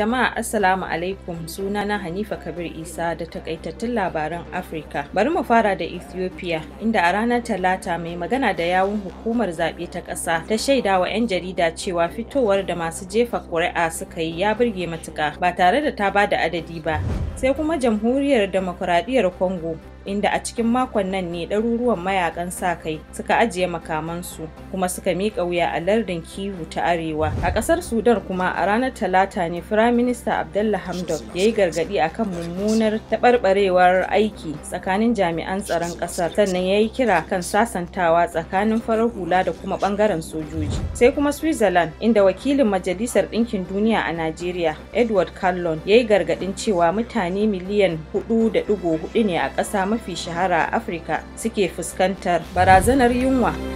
Jama'a Assalamu alaikum suna na Hanifa Kabir Isa da takaitattun labaran Afirka. Bari mu fara da Ethiopia inda a ranar Talata mai magana da yawun hukumar zaɓe ta ƙasa ta shaida wa 'yan jarida cewa fitowar da masu jefa ƙuri'a suka yi ya burge matuƙa ba tare da ta ba da adadi ba. Sai kuma Jamhuriyar Demokuraɗiyyar Congo inda a cikin makon nan ne ɗaruruwan mayakan sa kai suka ajiye makamansu kuma suka miƙa wuya a lardin kiwu ta arewa a ƙasar sudan kuma a ranar talata ne firaminista abdalla hamdok ya yi gargaɗi a kan mummunar taɓarɓarewar aiki tsakanin jami'an tsaron ƙasar sannan ya yi kira kan sasantawa tsakanin farar hula da kuma ɓangaren sojoji sai kuma switzerland inda wakilin majalisar ɗinkin duniya a najeriya edward Kallon, ya yi gargaɗin cewa mutane miliyan 4.4 ne a ƙasa mafi shahara a Afirka suke fuskantar barazanar yunwa.